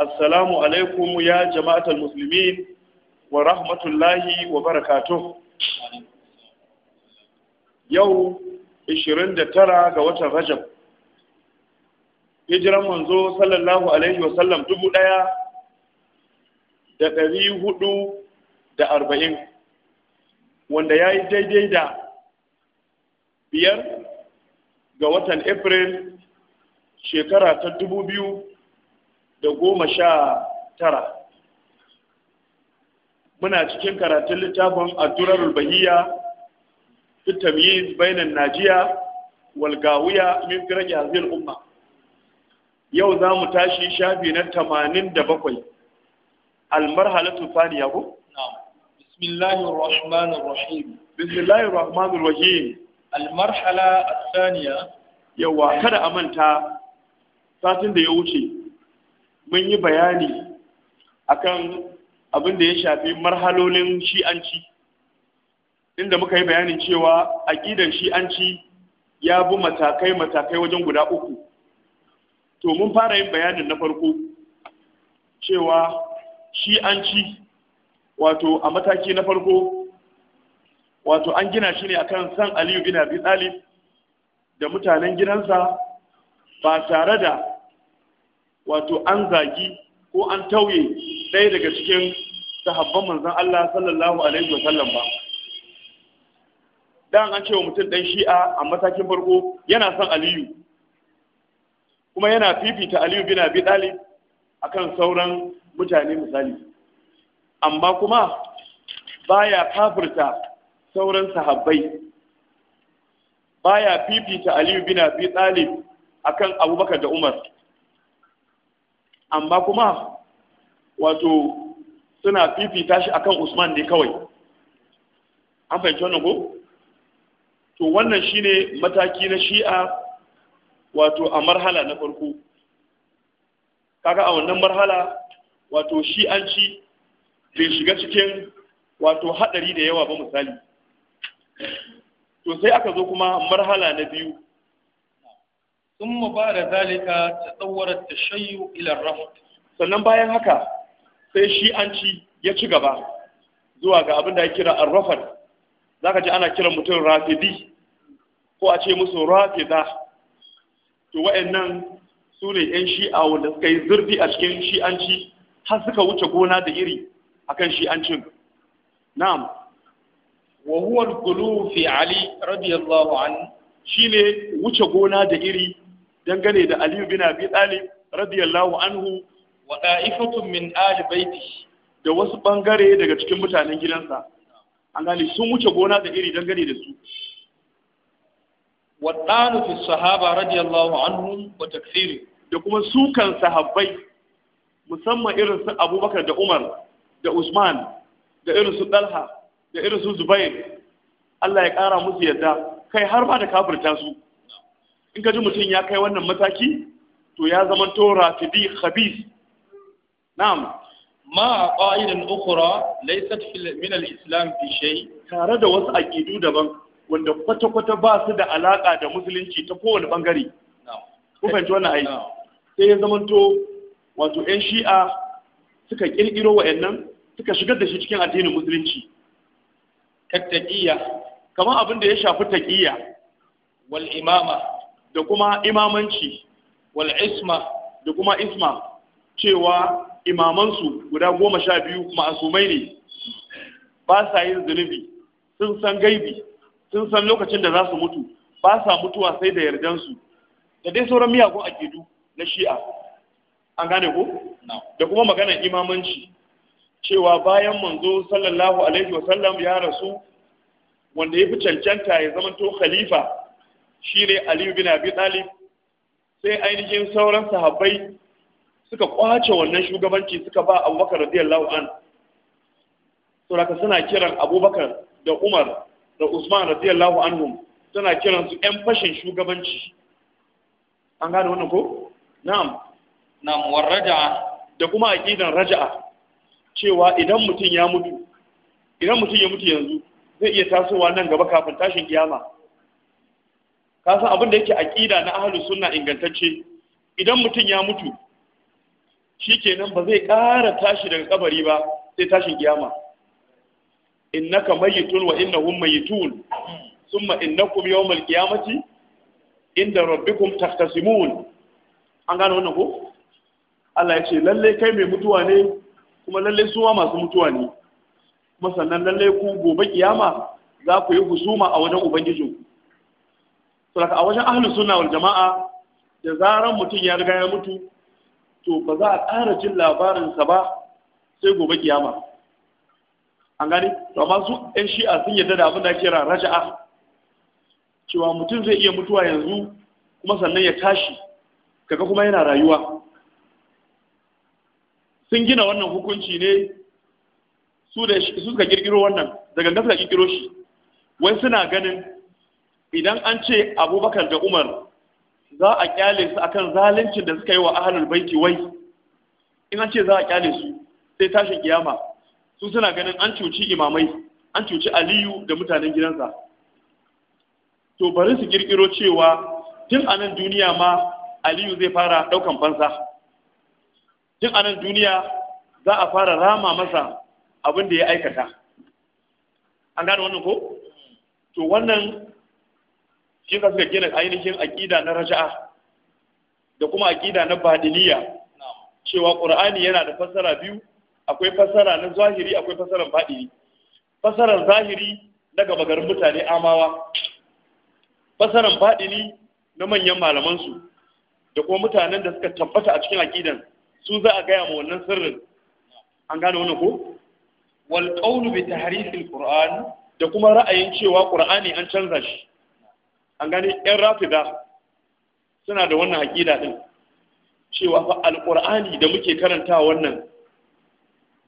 assalamu alaikum ya jama'atul musulmi wa rahmatullahi wa barakatuh yau 29 ga watan rajab hijiran manzo sallallahu alaihi wasallam dubu daya da ɗari hudu da arba'in wanda ya yi daidai da biyar ga watan april shekara ta dubu biyu da goma sha tara muna cikin karatun littafin addurar bahiya fi tamyiz bainan najiya wal gawiya min firqi hazil umma yau za mu tashi shafi na tamanin da bakwai. thaniya ko na'am ya rahmanir rahim bismillahir rahmanir rahim al marhala athaniya yawa kada a manta satin da ya wuce mun yi bayani akan abin da ya shafi marhalolin shi'anci inda muka yi bayanin cewa aƙidan shi'anci ya bi matakai-matakai wajen guda uku to mun fara yin bayanin na farko cewa shi'anci wato a mataki na farko wato an gina shi ne akan san aliyu bin abi talib da mutanen gidansa ba tare da wato an zagi ko an tauye ɗaya daga cikin sahabban manzon Allah sallallahu alaihi wasallam ba dan an ce wa mutum dan shi'a a matakin farko yana son aliyu kuma yana fifita aliyu bin abi talib akan sauran mutane misali amma kuma baya kafirta sauran sahabbai baya fifita aliyu bin abi talib akan abubakar da umar amma kuma wato suna fifita shi akan usman ne kawai an fahimci wannan ko to wannan shine mataki na shi'a wato a marhala na farko kaga a wannan marhala wato shi'anci bai shiga cikin wato hadari da yawa ba misali to sai aka zo kuma marhala na biyu ثم بعد ذلك تطور التشيع إلى الرفض sannan bayan haka sai shi an ci ya ci gaba zuwa ga abin da ya kira arrafad zaka ji ana kiran mutum rafidi ko a ce musu rafida to wa'annan su ne yan shi'a wanda suka yi zurfi a cikin shi'anci har suka wuce gona da iri kan shi'ancin na'am wa huwa al-gulu fi ali radiyallahu anhu shine wuce gona da iri dangane da aliyu bin abi talib radiyallahu anhu wa da'ifatun min ali baiti da wasu bangare daga cikin mutanen gidansa an gane sun wuce gona da iri dangane da su wa ɗanu fi sahaba radiyallahu anhu wa takfiri da kuma sukan sahabbai musamman irin su abubakar da umar da usman da irin su Talha da irin su zubair Allah ya kara musu yadda kai har ba da kafirta su in ka ji mutum ya kai wannan mataki to ya zama ta bi khabis na'am ma qa'idan ukhra laysat min al-islam fi shay tare da wasu aqidu daban wanda kwata kwata ba su da alaka da musulunci ta kowane bangare ku fahimci wannan ai sai ya zama to wato yan shi'a suka kirkiro wa'annan suka shigar da shi cikin addinin musulunci kattaqiyya kamar abin da ya shafi taqiyya wal imama da kuma imamanci wal isma da kuma isma cewa imamansu guda goma sha biyu ma'asumai ne ba sa yin zunubi sun san gaibi sun san lokacin da za su mutu ba sa mutuwa sai da yardansu da dai sauran miyagun akidu na shi'a an gane ko da kuma maganar imamanci cewa bayan manzo sallallahu alaihi wasallam ya rasu wanda ya fi cancanta ya zama zamanto khalifa shine Ali bin Abi Talib sai ainihin sauran sahabbai suka kwace wannan shugabanci suka ba Abubakar radiyallahu an to haka suna kiran Abubakar da Umar da Usman radiyallahu anhum suna kiran su ƴan fashin shugabanci an gane wannan ko na'am na'am war da kuma aqidan raja'a cewa idan mutum ya mutu idan mutum ya mutu yanzu zai iya tasowa nan gaba kafin tashin kiyama ka san abin da yake aqida na ahlus sunna ingantacce idan mutum ya mutu shi shikenan ba zai ƙara tashi daga kabari ba sai tashin kiyama innaka tun wa innahum mayyitun thumma innakum yawmal qiyamati inda rabbikum tahtasimun an gano wannan ko Allah ya ce lalle kai mai mutuwa ne kuma lalle suwa masu mutuwa ne kuma sannan lalle ku gobe kiyama za ku yi husuma a wajen ubangijinku saboda a wajen ahlus sunna wal jama'a da zaran mutum ya riga ya mutu to ba za a ƙara jin labarinsa ba sai gobe kiyama an gani to amma su ɗan shi'a sun yarda da abin da kira raja'a cewa mutum zai iya mutuwa yanzu kuma sannan ya tashi kaga kuma yana rayuwa sun gina wannan hukunci ne su da suka kirkiro wannan daga gaskiya kirkiro shi wai suna ganin idan an ce abubakar da umar za a kyale su akan zaluncin da suka yi wa ahalul baiti wai in an ce za a kyale su sai tashin kiyama su suna ganin an cuci imamai an cuci aliyu da mutanen gidansa to bari su kirkiro cewa tun a nan duniya ma aliyu zai fara daukan fansa tun a nan duniya za a fara rama masa abin da ya aikata an gane wannan ko to wannan shi ka suka gina ainihin aƙida na raja'a da kuma aƙida na badiliya cewa ƙur'ani yana da fassara biyu akwai fassara na zahiri akwai fassarar baɗini fassarar zahiri na gaba garin mutane amawa fassarar baɗini na manyan malamansu da kuma mutanen da suka tabbata a cikin aƙidan su za a gaya ma wannan sirrin an gane wannan ko wal qawlu bi tahrifil qur'an da kuma ra'ayin cewa qur'ani an canza shi an gani yan rafida suna da wannan haƙida ɗin cewa fa alƙur'ani da muke karanta wannan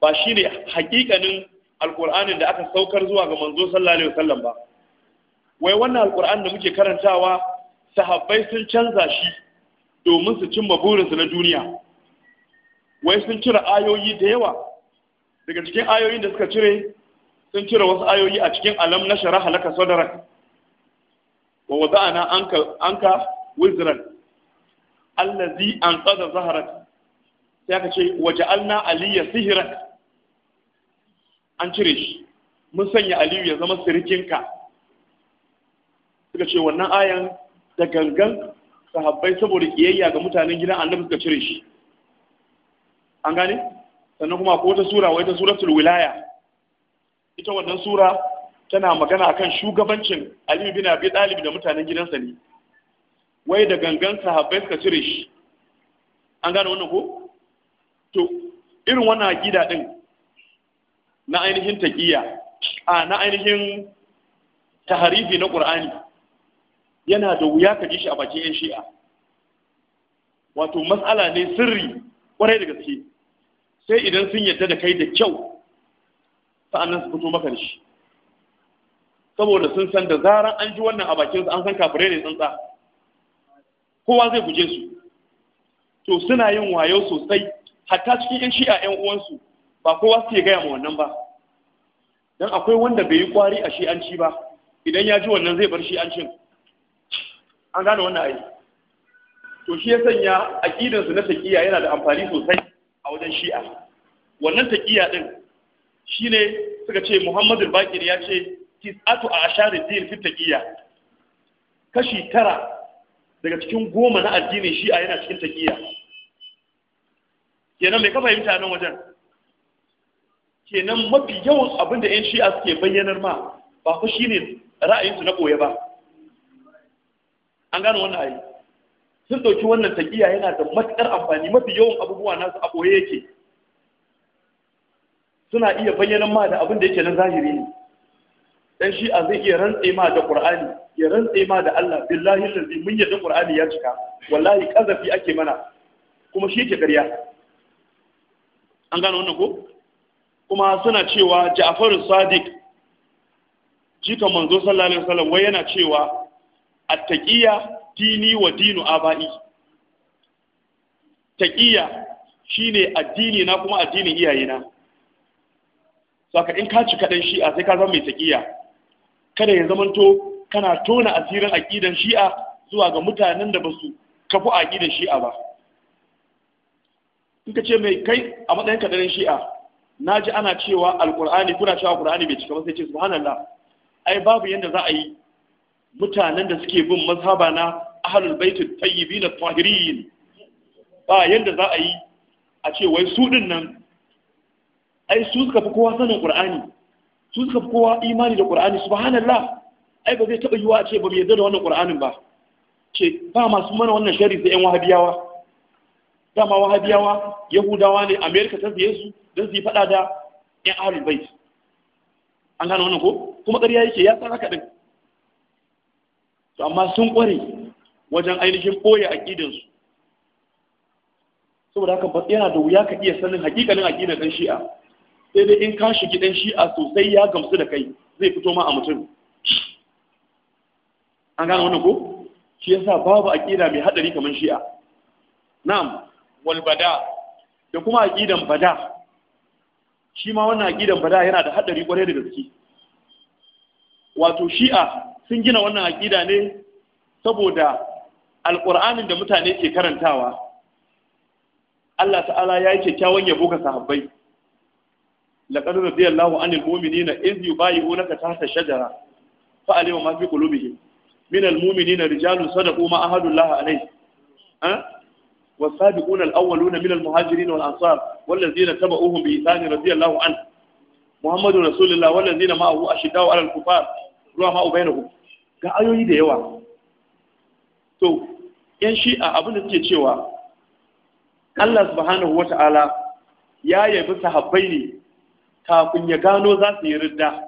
ba shine haƙiƙanin alƙur'anin da aka saukar zuwa ga manzo sallallahu alaihi wasallam ba wai wannan Alƙur'an da muke karantawa sahabbai sun canza shi domin su cimma burinsu na duniya wai sun cire ayoyi da yawa daga cikin ayoyin da suka cire sun cire wasu ayoyi a cikin alam na shara halaka sadarak wa na anka وزرا الذي allazi anqadha zaharat sai aka ce waja'alna aliyya sihran an cire shi mun sanya aliyu ya zama sirikinka suka ce wannan ayan da gangan sahabbai saboda kiyayya ga mutanen gidan annabi suka cire shi an gane sannan kuma ko wata sura wai ta suratul wilaya ita wannan sura tana magana akan shugabancin Ali bin Abi Talib da mutanen gidansa ne wai da gangan sahabbai suka cire shi an gane wannan ko to irin wannan aqida din na ainihin taqiya a na ainihin taharifi na Qur'ani yana da wuya ka ji shi a bakin yan shi'a wato mas'ala ne sirri kwarai da gaske sai idan sun yarda da kai da kyau sa'annan su fito maka da shi saboda sun san da zaran an ji wannan a bakinsu an san kafirai ne tsantsa kowa zai guje su to suna yin wayo sosai hatta cikin yan shi'a yan uwansu ba kowa suke gaya ma wannan ba dan akwai wanda bai yi kwari a shi'anci ba idan ya ji wannan zai bar shi'ancin an gane wannan ayi. to shi ya sanya su na taqiya yana da amfani sosai a wajen shi'a wannan taqiya din shine suka ce Muhammadu Bakir ya ce tis'atu a ashari din fi taqiya kashi tara daga cikin goma na shi shi'a yana cikin taqiya kenan mai ka fahimta nan wajen kenan mafi yawan abin da yan shi'a suke bayyanar ma ba ku shine ra'ayinsu na ɓoye ba an gano wannan ayi sun ɗauki wannan taqiya yana da matuƙar amfani mafi yawan abubuwa nasu a ɓoye yake suna iya bayyana ma da abin da yake na zahiri ne dan shi a zai iya rantse ma da qur'ani ya rantse ma da Allah billahi lazi mun yadda qur'ani ya cika wallahi kazafi ake mana kuma shi yake ƙarya an gano wannan ko kuma suna cewa Ja'faru Sadiq jikan manzo sallallahu alaihi wasallam wai yana cewa at-taqiyya dini wa dinu aba'i taqiyya shine addini na kuma addinin iyayena saka in ka ci kadan shi'a sai ka zama mai taqiyya kada ya zamanto kana tona asirin aqidan shi'a zuwa ga mutanen da basu kafu aƙidan shi'a ba in ka ce mai kai a matsayin kadarin shi'a naji ana cewa alqur'ani kuna cewa alqur'ani bai cika ba sai ce subhanallah ai babu yanda za a yi mutanen da suke bin mazhaba na ahlul baitul tayyibin at-tahirin ba yanda za a yi a ce wai su din nan ai su suka fi kowa sanin qur'ani Sun suka kowa imani da ƙur'ani. subhanallah ai ba zai taba yiwa a ce ba mu yarda da wannan ƙur'anin ba ce ba masu mana wannan shari'a da yan wahabiyawa dama wahabiyawa yahudawa ne amerika ta siye su don su yi fada da yan alibai an gane wannan ko kuma ƙarya yake ya tsara haka to amma sun ƙware wajen ainihin ɓoye aƙidansu saboda haka yana da wuya ka iya sanin hakikalin aƙidar ɗan shi'a sai dai in ka shigi dan shi'a sosai ya gamsu da kai zai fito ma a mutum an gane wannan ko shi yasa babu aqida mai hadari kamar shi'a na'am wal bada da kuma aqidan bada shi ma wannan aqidan bada yana da hadari kwarai da gaske wato shi'a sun gina wannan aƙida ne saboda alqur'anin da mutane ke karantawa Allah ta'ala ya yi kyakkyawan yabo ga sahabbai laqad radiyallahu anil mu'minina idh ka tahta shajara fa alima ma fi qulubihim min al mu'minina rijalun sadaqu ma ahadullah alayhi ha والسابقون الأولون من المهاجرين والأنصار والذين تبعوهم بإحسان رضي الله عنه محمد رسول الله والذين معه أشداء على الكفار ma بينهم ga ayoyi da yawa to yan shi'a abin da suke cewa Allah subhanahu ya yabi sahabbai ne kafin ya gano za su yi ridda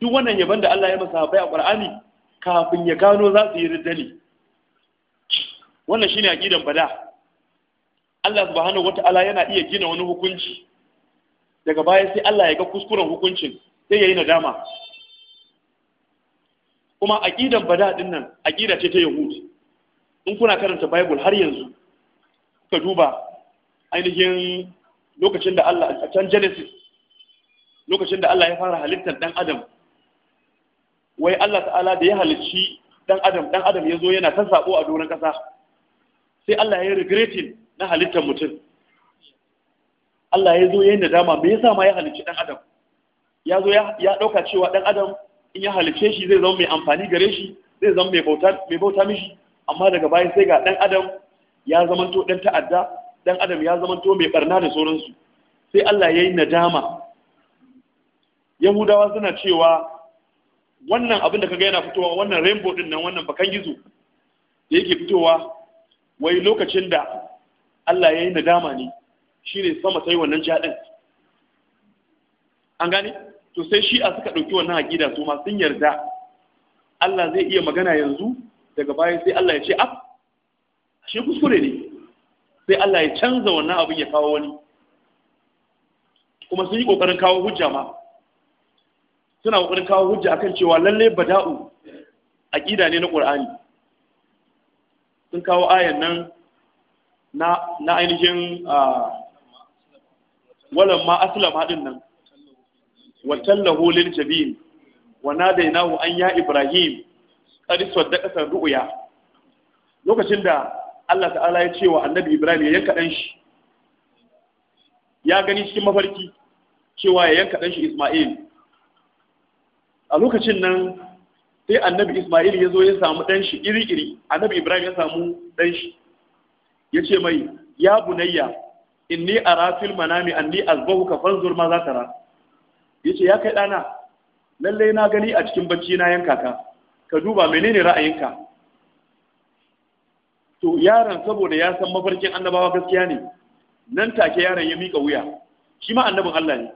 duk wannan yaban da Allah ya masa bai a Qur'ani kafin ya gano za su yi ridda ne wannan shine aqidan bada Allah wata wata'ala yana iya gina wani hukunci daga baya sai Allah ya ga kuskuren hukuncin sai yi nadama kuma aqidan bada din nan aqida ce ta yahudi in kuna karanta bible har yanzu ka duba ainihin lokacin da Allah a can Genesis lokacin da Allah ya fara halittar dan Adam wai Allah ta'ala da ya halicci dan Adam dan Adam ya zo yana ta sabo a doron kasa sai Allah ya yi regretin na halittar mutum Allah ya zo yayin da dama me yasa ma ya halicci dan Adam ya zo ya dauka cewa ɗan Adam in ya halicce shi zai zama mai amfani gare shi zai zama mai bauta mai mishi amma daga baya sai ga dan Adam ya zamanto dan ta'adda dan adam ya zama to mai barna da sauransu sai Allah ya yi nadama yahudawa suna cewa wannan abin da kaga yana fitowa wannan rainbow din nan wannan bakan gizo da yake fitowa wai lokacin da Allah ya yi nadama ne shine sama sai wannan jaɗin an gane to sai a suka ɗauki wannan aƙida su ma sun yarda Allah zai iya magana yanzu daga baya sai Allah ya ce af shi kuskure ne sai Allah ya canza wannan abin ya kawo wani kuma sun yi kokarin kawo hujja ma suna kokarin kawo hujja akan cewa lalle bada'u aqida ne na Qur'ani sun kawo ayan nan na na ainihin walam ma aslama din nan tallahu lil jabin wa nadainahu an ya ibrahim qad saddaqata ru'ya lokacin da Allah ta'ala ya ce wa annabi Ibrahim ya yanka ɗanshi ya gani cikin mafarki cewa ya yanka ɗanshi Ismail a lokacin nan sai annabi Ismail ya zo ya samu ɗanshi iri-iri annabi Ibrahim ya samu ɗanshi. ya ce mai ya bunayya mana mai fil manami anni azbahuka fanzur ma za tara ce ya kai ɗana lallai na gani a cikin bacci na yanka ka ka duba menene ra'ayinka to yaron saboda ya san mafarkin annabawa gaskiya ne nan take yaron ya mika wuya shi ma annabin Allah ne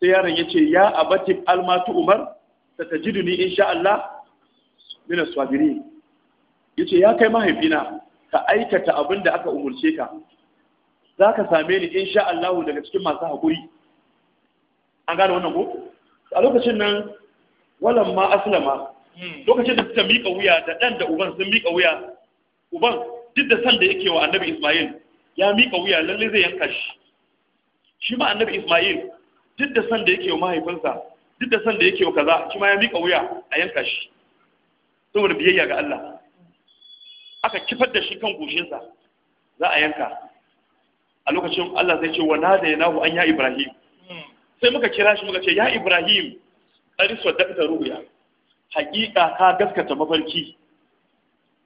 sai yaron ya ce ya abati almatu umar ni insha Allah min as Ya ce ya kai mahaifina ka aikata abin da aka umurce ka za ka same ni insha Allah daga cikin masu haƙuri. an gane wannan ko a lokacin nan walan ma aslama hmm. lokacin da suka mika wuya da dan da uban sun mika wuya uban duk da san da yake wa annabi Ismail ya mika wuya lalle zai yanka shi shi ma annabi Ismail duk da san da yake wa mahaifinsa duk da san da yake wa kaza shi ma ya mika wuya a yanka shi saboda biyayya ga Allah aka kifar da shi kan goshinsa za a yanka a lokacin Allah zai ce wa da yanahu an ya Ibrahim sai muka kira shi muka ce ya Ibrahim qad ruhu ya haƙiƙa ka gaskata mafarki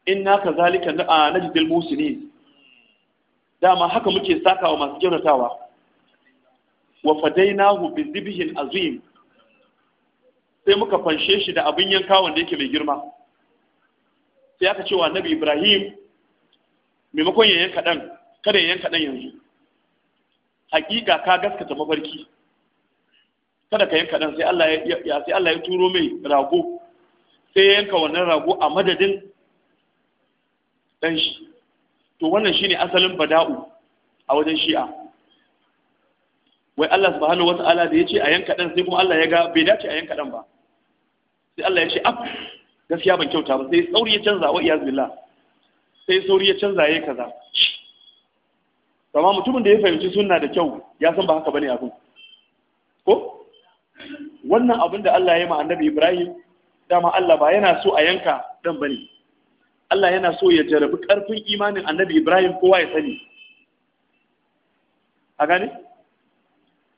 inna na najzil musini dama haka muke sakawa masu kyautatawa wa fadainahu bi dhibhin azim sai muka fanshe shi da abin yanka wanda yake mai girma sai aka cewa nabi Ibrahim maimakon ya yanka dan kada ya yanka dan yanzu hakika ka gaskata mafarki kada ka yanka dan sai Allah ya sai Allah ya turo mai rago sai ya yanka wannan rago a madadin dan shi to wannan shine asalin bada'u a wajen shi'a wai Allah subhanahu wata'ala da yace a yanka dan sai kuma Allah ya ga bai dace a yanka dan ba sai Allah ya ce af gaskiya ban kyauta ba sai sauri ya canza wa iyaz billah sai sauri ya canza yayi kaza amma mutumin da ya fahimci sunna da kyau ya san ba haka bane abin ko wannan abin da Allah ya yi ma annabi Ibrahim dama Allah ba yana so a yanka dan bane Allah yana so ya jarabi ƙarfin imanin annabi Ibrahim kowa ya sani a gane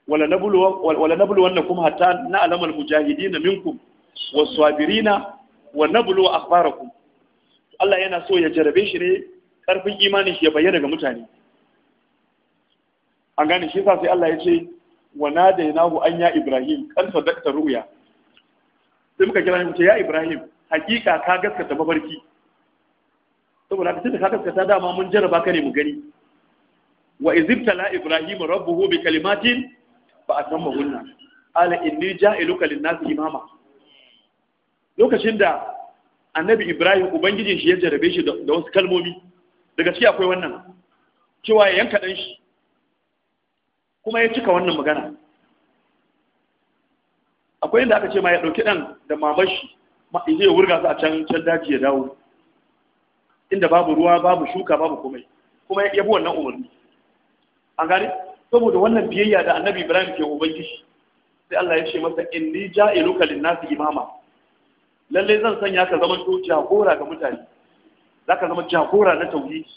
wala bulu wannan kuma hatta na alamar mujahidi na minkum wasu abirina wa nabulu akbarakum Allah yana so ya jarabe shi ne ƙarfin imanin shi ya bayyana ga mutane an gane shi sa sai Allah ya ce wa nadainahu an ya Ibrahim kan sadaqta ru'ya sai muka kira ya ce ya Ibrahim hakika ka gaskata mafarki saboda haka tunda ka kaskata dama mun jaraba ka ne mu gani wa izibtala ibrahim rabbuhu bi kalimatin fa hunna ala inni ja'iluka lin-nasi imama lokacin da annabi ibrahim ubangijin shi ya jarrabe shi da wasu kalmomi daga ciki akwai wannan cewa ya yanka dan shi kuma ya cika wannan magana akwai inda aka ce ma ya dauki dan da mamashi ma ya wurga su a can can daji ya dawo inda babu ruwa babu shuka babu komai kuma ya bi wannan umarni an gane saboda wannan biyayya da annabi ibrahim ke ubangiji sai Allah ya ce masa inni ja'iluka lin-nasi imama Lallai zan sanya ka zama to jagora ga mutane zaka zama jagora na tauhidi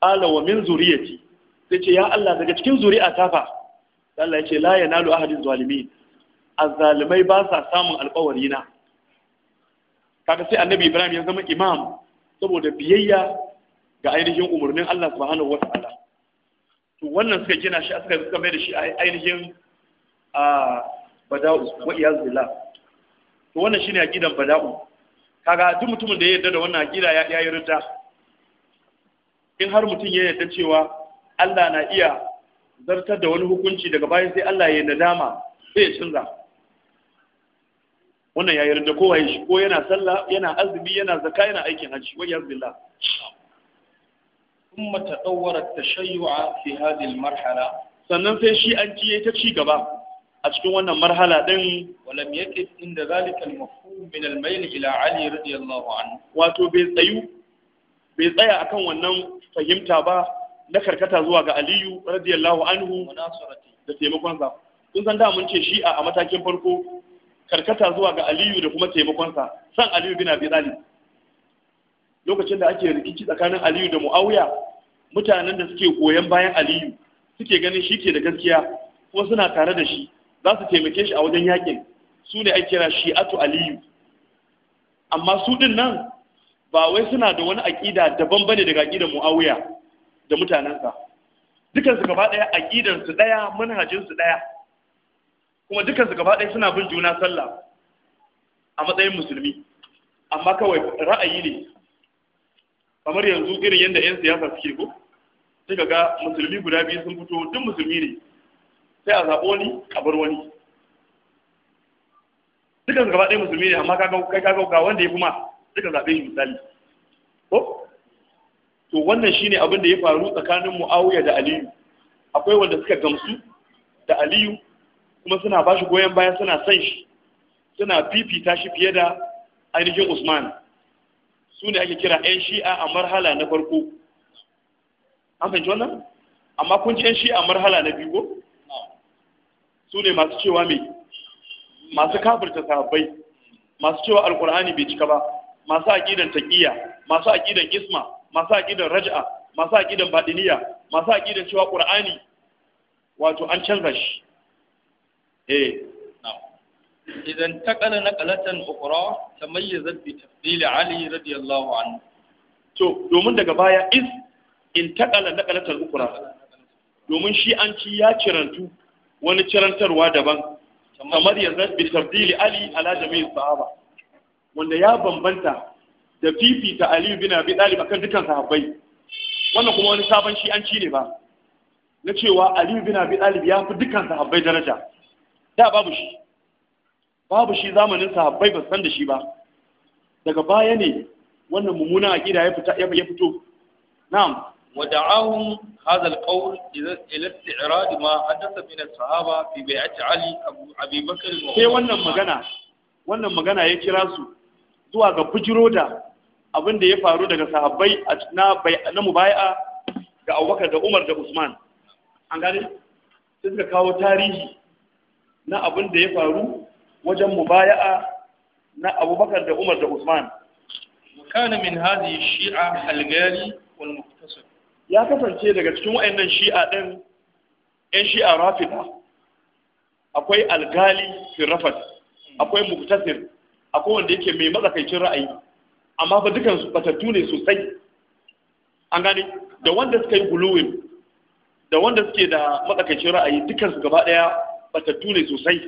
qala wa min zuriyati sai ce ya Allah daga cikin zuri'a ta fa Allah ya ce la yanalu ahadin zalimin azzalimai ba sa samun alƙawari na kaga sai annabi Ibrahim ya zama imam saboda biyayya ga ainihin umarnin Allah subhanahu wa ta'ala to wannan suka gina shi suka suka mai da shi ainihin a bada'u wa iyaz billah to wannan shine aqidan bada'u kaga duk mutumin da ya yarda da wannan aqida ya yi ridda in har mutum ya yarda cewa Allah na iya zartar da wani hukunci daga bayan sai Allah ya nadama sai ya canza wannan ya yarda kowa ya shi ko yana sallah yana azumi yana zaka yana aikin hajji wa yazbillah ثم تطور التشيع في هذه المرحلة sannan sai shi an ciye ta ci gaba a cikin wannan marhala din walam yaqif inda zalika al-mafhum min al ila ali radiyallahu anhu wato bai tsayu bai tsaya akan wannan fahimta ba na karkata zuwa ga aliyu radiyallahu anhu da taimakon sa kun san da mun ce shi a matakin farko karkata zuwa ga aliyu da kuma taimakonsa san aliyu bin abi talib lokacin da ake rikici tsakanin aliyu da muawiya mutanen da suke koyan bayan aliyu suke ganin shi ke da gaskiya ko suna tare da shi za su taimake shi a wajen yakin su ne ake kira shi'atu aliyu amma su din nan ba wai suna da wani aƙida daban bane daga aƙidar muawiya da mutanensa dukansu gaba ɗaya aƙidarsu ɗaya manhajinsu ɗaya kuma dukansu gaba ɗaya suna bin juna sallah a matsayin musulmi amma kawai ra'ayi ne kamar yanzu irin yadda 'yan siyasa suke ko sai ga musulmi guda biyu sun fito duk musulmi ne sai a zaɓo ni a bar wani dukan gaba ɗaya musulmi ne amma kai kaga ga wanda ya fi ma duka zaɓe shi misali ko to wannan shine abin da ya faru tsakanin mu'awiya da aliyu akwai wanda suka gamsu da aliyu kuma suna ba shi goyon baya suna son shi suna fifita shi fiye da ainihin usman su ne ake kira 'yan shi'a a marhala na farko an fahimci wannan amma kun ci 'yan shi'a marhala na biyu su ne masu cewa mai masu kafirta sahabbai masu cewa alkur'ani bai cika ba masu aƙidan taƙiyya masu aƙidan isma masu aƙidan raj'a masu aƙidan baɗiniya masu aƙidan cewa ƙur'ani wato an canza shi eh na'am idan taqala naqalatan ukhra tamayyazat bi tafdil ali radiyallahu domin daga baya is in taqala naqalatan ukhra domin shi an ci ya cirantu wani cirantarwa daban kamar yanzu bi tafdil ali wanda ya bambanta da fifita Aliyu bin abi talib akan dukkan sahabbai wannan kuma wani sabon shi an ci ne ba na cewa Aliyu bin abi talib ya fi dukkan sahabbai daraja da babu shi babu shi zamanin sahabbai ba san da shi ba daga baya ne wannan mummunan aqida ya fita ya fito na'am ودعاهم هذا القول إلى استعراض ما حدث من الصحابة في بيعة علي أبي بكر sai wannan magana wannan magana ya kira su zuwa ga bujiro da abin da ya faru daga sahabbai na na mubai'a ga Abubakar da Umar da Usman an gane sai suka kawo tarihi na abin da ya faru wajen mubaya'a na abubakar da umar da usman kana min hadi shi'a al wal muqtasib ya kasance daga cikin wayannan shi'a din yan shi'a rafida akwai al-ghali fi rafad akwai muqtasir akwai wanda yake mai matsakaicin ra'ayi amma ba dukan su batattu ne sosai an gane da wanda suka yi guluwin da wanda suke da matsakaicin ra'ayi dukan su gaba daya batattu ne sosai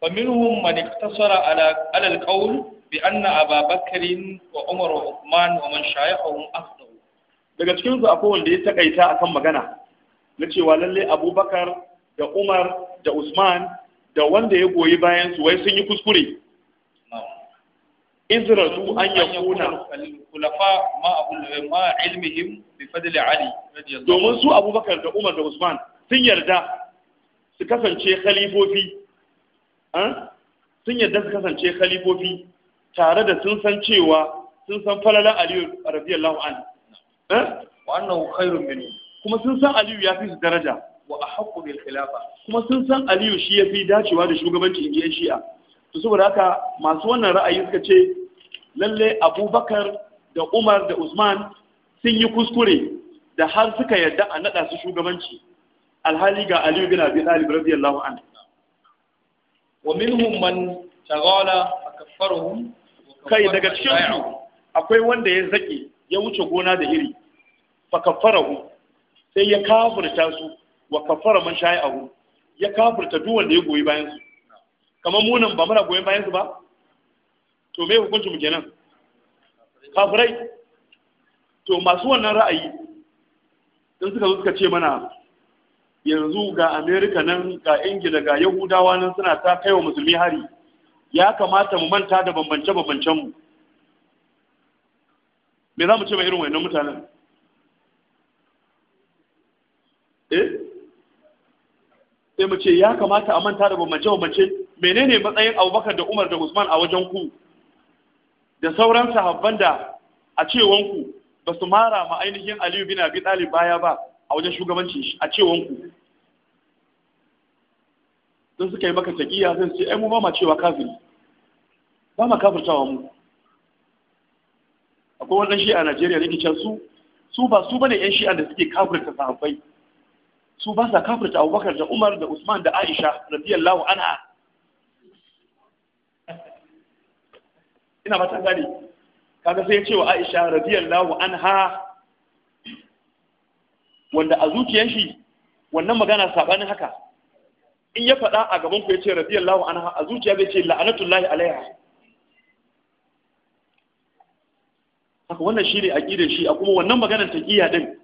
fa minhum man iktasara ala ala alqawl bi anna ababakar wa umar wa uthman wa man shayahum afdahu daga cikin su akwai wanda ya takaita akan magana na cewa lalle abubakar da umar da usman da wanda ya goyi bayan su wai sun yi kuskure izratu an yakuna kulafa ma ma ilmihim bi fadli ali domin su abubakar da umar da usman sun yarda su kasance khalifofi eh? sun yarda su kasance khalifofi tare da sun san cewa sun san falalan aliyu a rabiyar la'u'an eh? wannan khairun minhu kuma sun san aliyu ya fi su daraja wa ahqqu bil khilafa kuma sun san aliyu shi ya fi dacewa da shugabancin inji shi'a to saboda haka masu wannan ra'ayi suka ce lalle abubakar da umar da usman sun yi kuskure da har suka yarda a naɗa su shugabanci alhali ga aliyu bin abi talib radiyallahu anhu wa minhum man tagala fakaffarhum kai daga cikin su akwai wanda ya zaki ya wuce gona da iri fakaffarahu sai ya kafirta su wa kaffara man shai'ahu ya kafirta duk wanda ya goyi bayan su kamar munan ba muna goyon bayan su ba to me hukunci mu kenan kafirai to masu wannan ra'ayi sun suka zo suka ce mana yanzu ga amerika nan ga ingila ga yahudawa nan suna ta kai wa musulmi hari ya kamata mu manta da bambance bambancen mu me za mu ce ma irin wayannan mutanen eh sai mu ce ya kamata a manta da bambance bambance menene matsayin abubakar da umar da usman a wajen ku da sauran sahabban da a cewanku ba su mara ma ainihin aliyu bin abi talib baya ba a wajen shugabancin shi a cewon ku don suka yi maka taƙiya zan ce ai mu ba ma cewa kafiri ba ma kafirtawa mu akwai wannan shi a Najeriya da ke can su su ba su bane yan shi'a da suke kafirta sahabbai su ba sa kafirta Abubakar da Umar da Usman da Aisha radiyallahu anha ina ba ta gane kaga sai ya ce wa Aisha radiyallahu anha wanda a zuciyar shi wannan magana sabanin haka in ya faɗa a gaban ku ya ce radiyallahu anha a zuciya zai ce la'anatullahi alaiha haka wannan shi a aqidar shi a kuma wannan maganar ta taqiyya din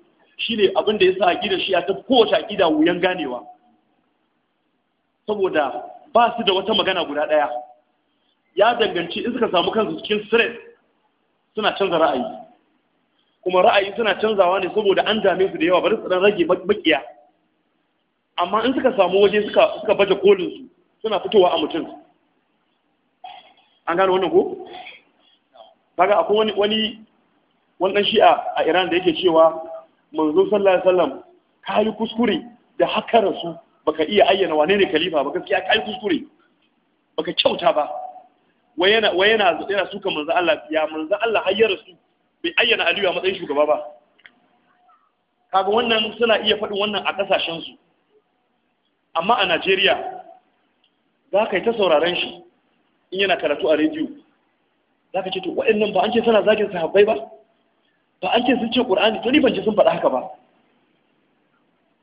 ne abin da ya a aqidar shi a ta kowace aqida wuyan ganewa saboda ba su da wata magana guda daya ya danganci in suka samu kansu cikin stress suna canza ra'ayi kuma ra'ayi suna canzawa ne saboda an dame su da yawa bari su dan rage makiya amma in suka samu waje suka suka baje kolin su suna fitowa a mutum an gano wannan ko kaga akwai wani wani wannan shi'a a Iran da yake cewa manzo sallallahu alaihi wasallam kai kuskure da haka rasu baka iya ayyana wane ne khalifa ba gaskiya kai kuskure baka kyauta ba wai yana wai yana yana suka manzo Allah ya manzo Allah har ya rasu bai ayyana aliyu a matsayin shugaba ba kaga wannan suna iya faɗin wannan a ƙasashensu amma a najeriya za ka yi ta sauraren shi in yana karatu a rediyo za ka ce to waɗannan ba an ce suna zagin sahabbai ba ba an ce sun ce ƙur'ani to ni ban ji sun faɗa haka ba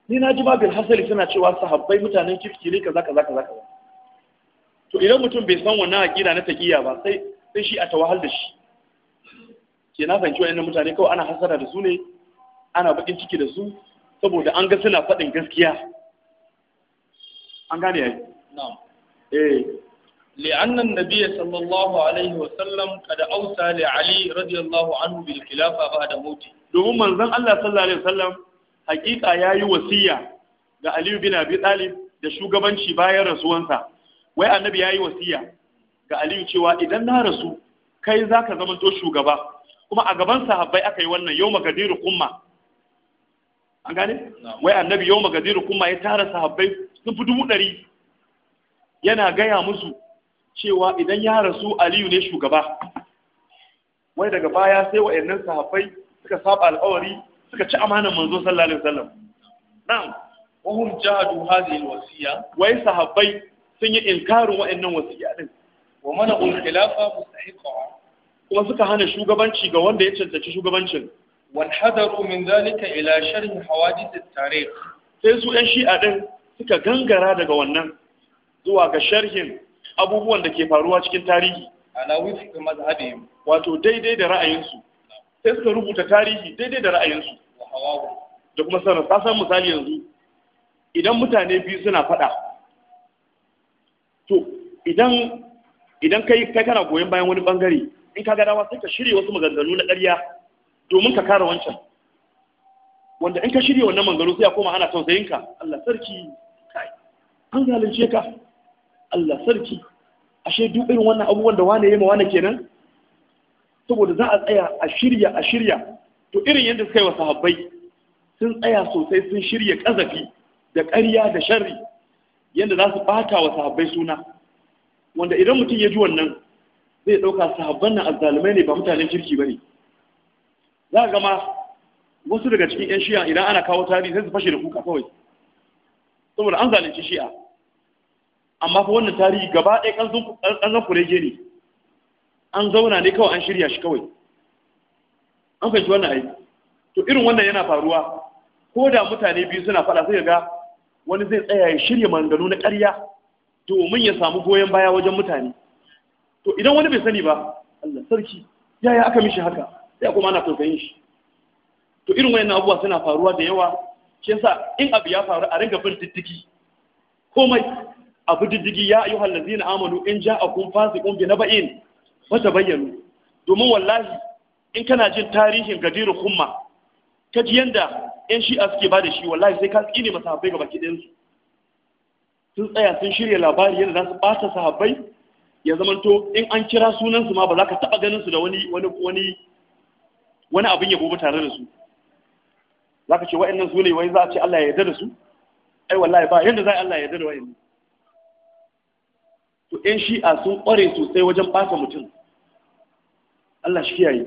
ni na ji ma bil hasali suna cewa sahabbai mutanen kirki ne kaza kaza kaza kaza to idan mutum bai san wannan aqida na taqiya ba sai sai shi a tawahal da shi ke na fahimci wa'annan mutane kawai ana hasara da su ne ana bakin ciki da su saboda an ga suna faɗin gaskiya an gane yayi na'am eh لأن النبي صلى الله عليه وسلم قد أوصى لعلي رضي الله عنه بالخلافة بعد موته domin manzon Allah sallallahu alaihi wasallam hakika yayi wasiya ga Aliyu bin Abi Talib da shugabanci bayan rasuwansa wai annabi yi wasiya ga Aliyu cewa idan na rasu kai zaka zama to shugaba kuma a gaban sahabbai aka yi wannan yau magadiru kuma an gane wai annabi yau magadiru kuma ya tara sahabbai sun fi dubu ɗari yana gaya musu cewa idan ya rasu aliyu ne shugaba wai daga baya sai wa'annan sahabbai suka saba alkawari suka ci amanan manzo sallallahu alaihi wasallam na'am wa hum jahadu hadhihi alwasiya wai sahabbai sun yi inkarin wa'annan wasiya din wa mana ul khilafa mustahiqa kuma suka hana shugabanci ga wanda ya cancanci shugabancin walhadaru min zalika ila sharhi hawadith at-tarikh sai su ɗan shi'a ɗin suka gangara daga wannan zuwa ga sharhin abubuwan da ke faruwa cikin tarihi ala wifq mazhabihim wato daidai da ra'ayinsu sai suka rubuta tarihi daidai da ra'ayinsu da kuma sanar ka san misali yanzu idan mutane biyu suna faɗa to idan idan kai kai kana goyon bayan wani bangare in ka ga sai ka shirya wasu maganganu na ƙarya domin ka kare wancan wanda in ka shirya wannan maganganu sai a koma ana tausayinka, Allah sarki kai an zalunce ka Allah sarki ashe duk irin wannan abubuwan da wane yayi ma wane kenan saboda za a tsaya a shirya a shirya to irin yadda suka yi wa sahabbai sun tsaya sosai sun shirya kazafi da ƙarya da sharri yadda za su ɓata wa sahabbai suna wanda idan mutum ya ji wannan zai ɗauka sahabban nan azzalumai ne ba mutanen kirki ba ne za a gama wasu daga cikin 'yan shi'a idan ana kawo tarihi sai su fashe da kuka kawai saboda an zalunci shi'a amma fa wannan tarihi gaba ɗaya ƙanzon kurege ne an zauna ne kawai an shirya shi kawai an fahimci wannan aiki to irin wannan yana faruwa ko da mutane biyu suna faɗa sai ga wani zai tsaya ya shirya maganganu na ƙarya domin ya samu goyon baya wajen mutane to idan wani bai sani ba Allah sarki yaya aka mishi haka sai kuma ana tausayin shi to irin wayannan abubuwa suna faruwa da yawa shi yasa in abu ya faru a ringa bin diddigi komai abu diddigi ya ayu ladzina amanu in ja'akum fasiqun bi naba'in fatabayyanu domin wallahi in kana jin tarihin gadiru kumma ka ji yanda yan shi'a suke ba da shi wallahi sai ka tsine bai ga baki ɗayansu sun tsaya sun shirya labari yadda za su ɓata sahabbai ya zamanto in an kira sunansu ma ba za ka taɓa ganin su da wani wani wani wani abin yabo ba tare da su za ka ce wa'annan su ne wai za a ce Allah ya yarda da su ai wallahi ba yanda za a Allah ya yarda da wa'annan to shi shi'a sun ƙware sosai wajen ɓata mutum Allah shi kiyaye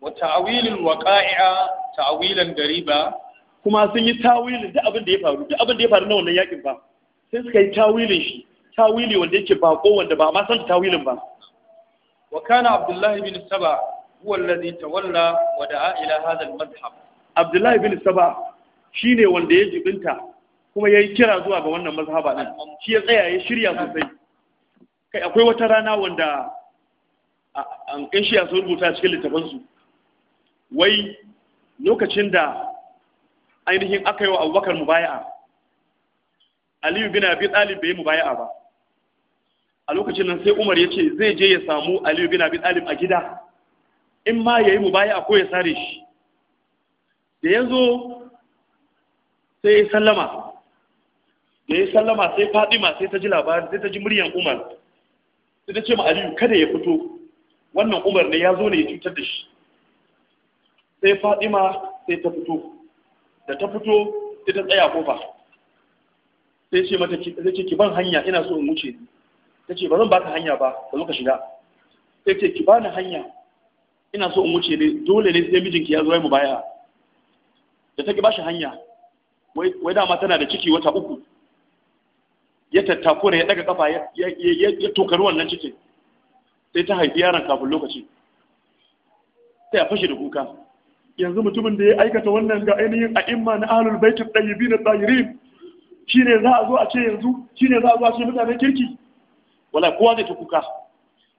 wa ta'awilin waqa'i'a ta'awilan gariba kuma sun yi tawilin duk abin da ya faru duk abin da ya faru na wannan yakin fa sai suka yi tawilin shi tawili wanda yake bako wanda ba ma san tawilin ba wa kana abdullahi bin saba huwa alladhi tawalla wa da'a ila hadha al-madhhab abdullahi bin saba shine wanda ya jibinta kuma yayi kira zuwa ga wannan mazhaba din shi ya tsaya ya shirya sosai kai akwai wata rana wanda an shi ya sun rubuta cikin su. wai lokacin da ainihin aka yi wa abubakar mubaya'a aliyu bin abi talib bai mubaya'a ba a lokacin nan sai Umar ya ce zai je ya samu Aliyu bin Abi Talib a gida in ma yayi mubaya'a ko ya sare shi da ya zo sai ya sallama da ya sallama sai Fadima sai ta ji labarin sai ta ji muryan Umar sai ta ce ma Aliyu kada ya fito wannan Umar ne ya zo ne ya cutar da shi sai Fadima sai ta fito da ta fito sai ta tsaya kofa sai ce mata ce ki ban hanya ina so in wuce ta ce ba zan baka hanya ba ka zo shiga sai ce ki bani hanya ina so in wuce ne dole ne sai mijinki ya zo mu baya da ta ki bashi hanya wai dama tana da ciki wata uku ya ne ya daga kafa ya tokari wannan cikin sai ta haifi yaron kafin lokaci sai a fashe da kuka yanzu mutumin da ya aikata wannan ga ainihin a imma na alul baitul tayyibin na tayyibin shine za a zo a ce yanzu shine za a zo a ce mutanen kirki wala kowa zai ta kuka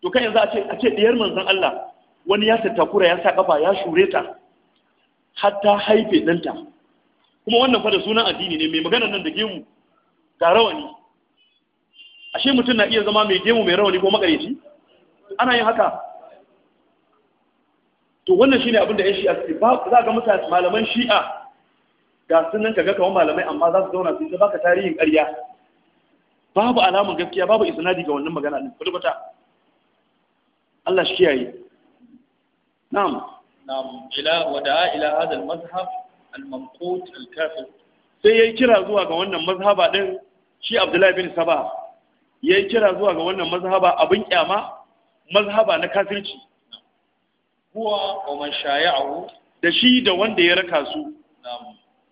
to kai yanzu a ce a ce diyar manzon Allah wani ya kura ya sa kafa ya shure ta ta haife ɗanta kuma wannan fa da sunan addini ne mai magana nan da gemu ga rawani ashe mutum na iya zama mai gemu mai rawani ko makareci ana yin haka to wannan shine abin da shi a suke ba za ga mutane malaman shi'a ga sunan kaga kamar malamai amma za su zauna su ta baka tarihin ƙarya babu alamun gaskiya babu isnadi ga wannan magana din kwata Allah shi yayi na'am na'am ila wada'a ila hadal al-mazhab al manqut al-kafir sai yayi kira zuwa ga wannan mazhaba din shi Abdullahi bin Sabah yayi kira zuwa ga wannan mazhaba abin kyama mazhaba na kafirci huwa wa man shaya'ahu da shi da wanda ya raka su na'am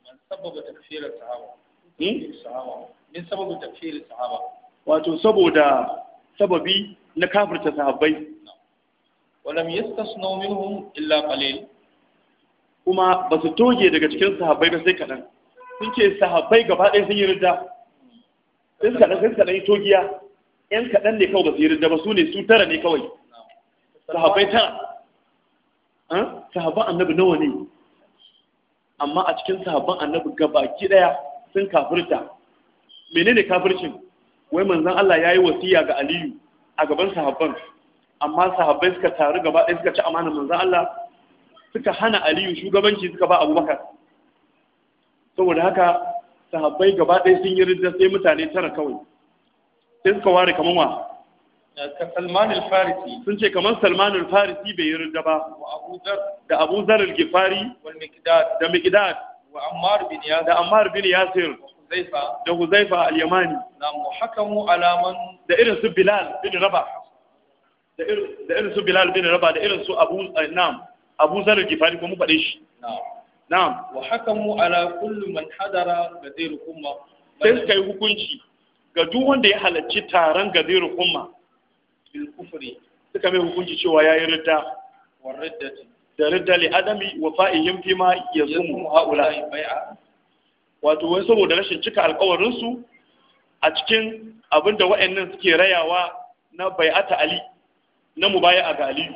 man sababa takfir as-sahaba hmm? min sababu tafsir sahaba wato saboda sababi na kafirta sahabbai walam yastasna minhum illa qalil kuma ba su toge daga cikin sahabbai ba sai kaɗan sun ce sahabbai gaba ɗaya sun yi ridda sai suka kaɗan sai su yi togiya ƴan kaɗan ne kawai ba su yi ridda ba su ne su tara ne kawai sahabbai tara sahabban annabi nawa ne amma a cikin sahabban annabi gaba ki ɗaya sun kafirta menene kafircin wai manzon Allah yayi wasiya ga Aliyu a gaban sahabban amma sahabbai suka taru gaba ɗaya suka ci amana manzon Allah suka hana Aliyu shugabanci suka ba Abubakar saboda haka sahabbai gaba ɗaya sun yi ridda sai mutane tara kawai sai suka ware kaman wa Salman al-Farisi sun ce kamar Salman al-Farisi bai yi ridda ba da Abu Zar al-Ghifari da Miqdad da Ammar bin Yasir da Ammar bin Yasir huzaifa da huzaifa al-yamani na muhakamu alaman da irin su bilal bin raba da irin su bilal bin raba da irin su abu eh, na'am abu zarar gifari ko mu faɗe shi na'am wa hakamu ala kullu man hadara gadirul umma sai kai hukunci ga duk wanda ya halarci taron gadirul umma bil kufri suka mai hukunci cewa yayi ridda wa riddati da ridda li adami wa fa'ihim fima yazumu haula bai'a wato wai saboda rashin cika alkawarinsu a cikin abin da wa'annan suke rayawa na bai'ata ali na mu a ga aliyu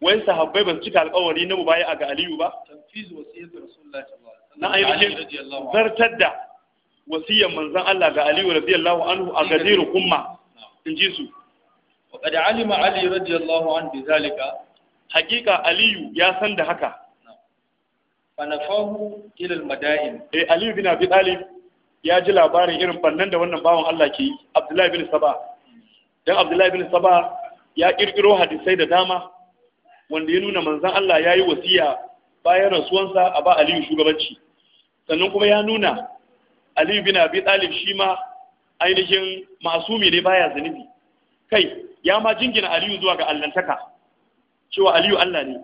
wai sahabbai ba su cika alkawari na mu a ga aliyu ba na ainihin zartar da wasiyyar manzan Allah ga aliyu radiyallahu anhu a gadiru umma in ji su alima ali radiyallahu رضي bi zalika بذلك aliyu ya san da haka fanafahu ilal madain eh ali bin abi talib ya ji labarin irin bannan da wannan bawan Allah ke yi abdullahi bin saba dan abdullahi bin saba ya kirkiro hadisai da dama wanda ya nuna manzon Allah ya yi wasiya bayan rasuwansa a ba aliyu shugabanci sannan kuma ya nuna aliyu bin abi talib shi ma ainihin masumi ne baya zunubi kai ya ma jingina aliyu zuwa ga allantaka cewa aliyu Allah ne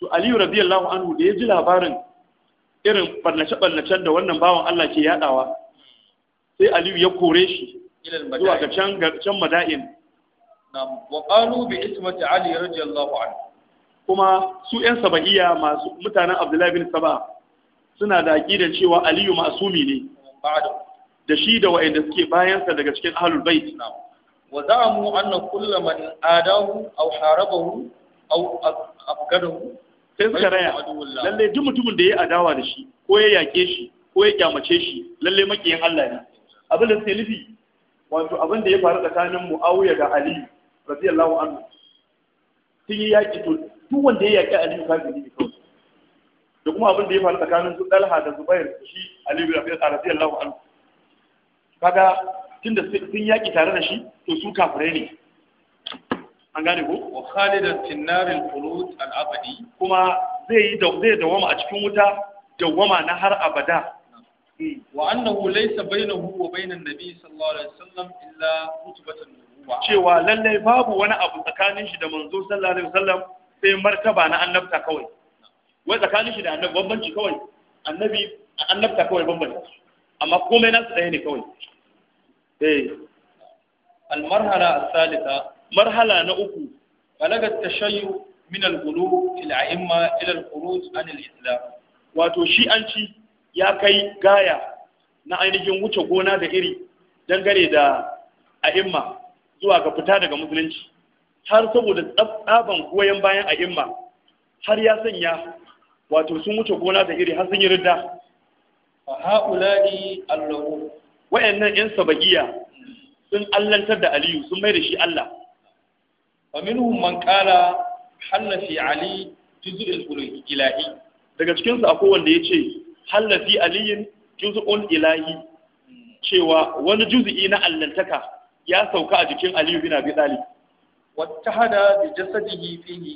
to aliyu radiyallahu anhu da ya ji labarin irin ɓarnace barnacen da wannan bawan Allah ke yadawa sai aliyu ya kore shi zuwa ga can can mada'in nam wa qalu bi ismati ali radiyallahu anhu kuma su yan sabahiya masu mutanen abdullahi bin saba suna da aqidan cewa aliyu masumi ne da shi da wa'anda suke bayansa daga cikin ahlul bait wa za'amu anna kullu man adahu aw harabahu aw afkadahu sai suka raya lalle duk mutumin da ya adawa da shi ko ya yake shi ko ya kyamace shi lalle makiyin Allah ne abin da suke nufi wato abin da ya faru tsakanin Muawiya da Ali radiyallahu anhu sun yi yaki to duk wanda ya yaki Ali kafiri ne kawai da kuma abin da ya faru tsakanin su Talha da Zubair shi Ali radiyallahu anhu kaga tunda sun yaki tare da shi to su kafirai ne an gane ko wa khalidan fi khulud al abadi kuma zai yi zai dawama a cikin wuta dawama na har abada wa annahu laysa bainahu wa bainan nabi sallallahu alaihi wasallam illa rutbatan nubuwa cewa lalle babu wani abu tsakanin shi da manzo sallallahu alaihi wasallam sai martaba na annabta kawai wai tsakanin shi da annabi bambanci kawai annabi annabta kawai bambanci amma komai nasu ɗaya ne kawai eh المرحلة الثالثة marhala na uku balagat من القلوب al-qulub إلى a'imma عن الإسلام khuruj an al-islam wato shi ya kai gaya na ainihin wuce gona da iri dangane da a'imma zuwa ga fita daga musulunci har saboda tsaban goyon bayan imma har ya sanya wato sun wuce gona da iri har sun yi ridda a haula'i allahu wa'annan yan sabagiya sun allantar da aliyu sun mai da shi allah wa من قال حل في علي جزء juz'ul daga cikin su akwai wanda yace halla fi aliyin juz'ul ilahi cewa wani juz'i na allantaka ya sauka a jikin aliyu bin abi talib wattahada bi jasadihi fihi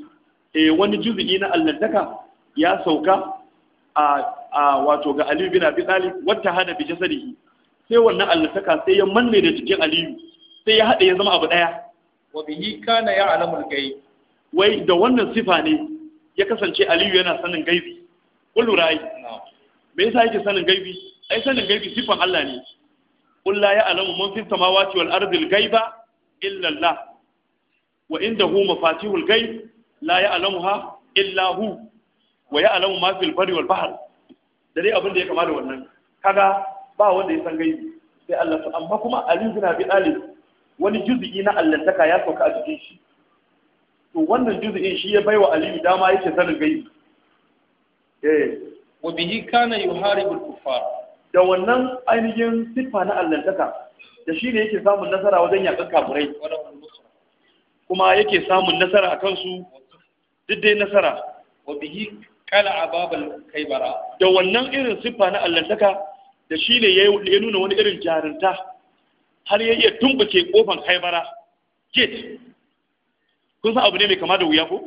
eh wani juz'i na allantaka ya sauka a wato ga aliyu bin abi talib wattahada bi jasadihi sai wannan allantaka sai ya manne da jikin aliyu sai ya haɗe ya zama abu ɗaya wa bihi kana ya'lamu al gai. wai da wannan sifa ne ya kasance aliyu yana sanin gaibi kun lura ai me yasa yake sanin gaibi ai sanin gaibi sifan Allah ne qul la ya'lamu man fis samawati wal ardi al-ghaiba illa Allah wa indahu mafatihul ghaib la ya'lamuha illa hu wa ya'lamu ma fil barri wal bahr da dai abin da ya kama da wannan kaga ba wanda ya san gaibi sai Allah amma kuma aliyu bin abi talib wani juzu'i na allantaka ya sauka a jikin shi to wannan juzu'in shi ya baiwa aliyu dama yake sanin gaibi eh wa bihi kana yuharibul kufar da wannan ainihin siffa na allantaka da shi ne yake samun nasara wajen yakan kafirai kuma yake samun nasara a kansu duk dai nasara wa bihi kala ababal kaibara da wannan irin siffa na allantaka da shi ne ya nuna wani irin jarinta har ya iya tumbuke kofan haibara gate kun san abu ne mai kama da wuya ko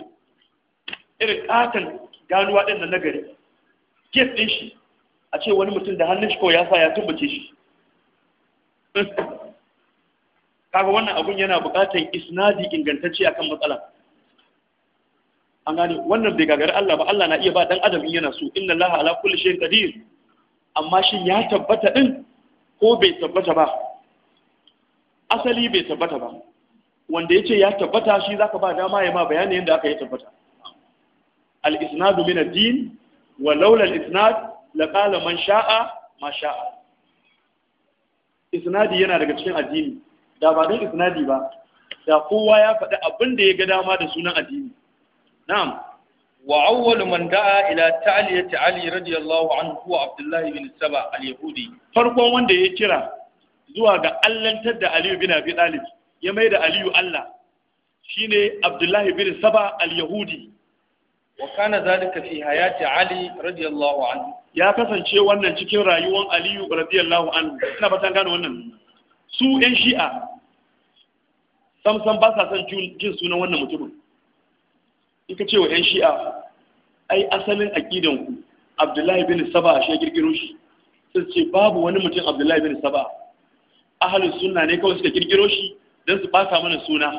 irin katon ganuwa ɗin na nagari gate din shi a ce wani mutum da hannun shi ko ya sa ya tumbuke shi kaga wannan abun yana buƙatar isnadi ingantacce akan matsala an gane wannan bai gagari Allah ba Allah na iya ba dan adam in yana so inna Allah ala kulli shay'in qadir amma shin ya tabbata din ko bai tabbata ba asali bai tabbata ba wanda ya ce ya tabbata shi za ka ba dama ya ma bayanin yadda aka yi tabbata al-isnadu min ad-din wa laula al-isnad la man sha'a ma sha'a isnadi yana daga cikin addini da ba dan isnadi ba da kowa ya faɗi abin da ya ga dama da sunan addini na'am wa awwalu man da'a ila ali radiyallahu anhu wa Abdullahi bin saba al-yahudi farkon wanda ya kira zuwa ga allantar da aliyu bin abi talib ya mai da aliyu allah shine abdullahi bin saba al-yahudi wa kana zalika fi hayati ali radiyallahu anhu ya kasance wannan cikin rayuwar aliyu radiyallahu anhu ina batan gane wannan su ɗan shi'a sam sam ba sa son jin sunan wannan mutumin Ika ce wa ɗan shi'a ai asalin aqidan ku abdullahi bin saba shi ya kirkiro shi sai ce babu wani mutum abdullahi bin saba ahalin suna ne kawai suka kirkiro shi don su ɓata mana suna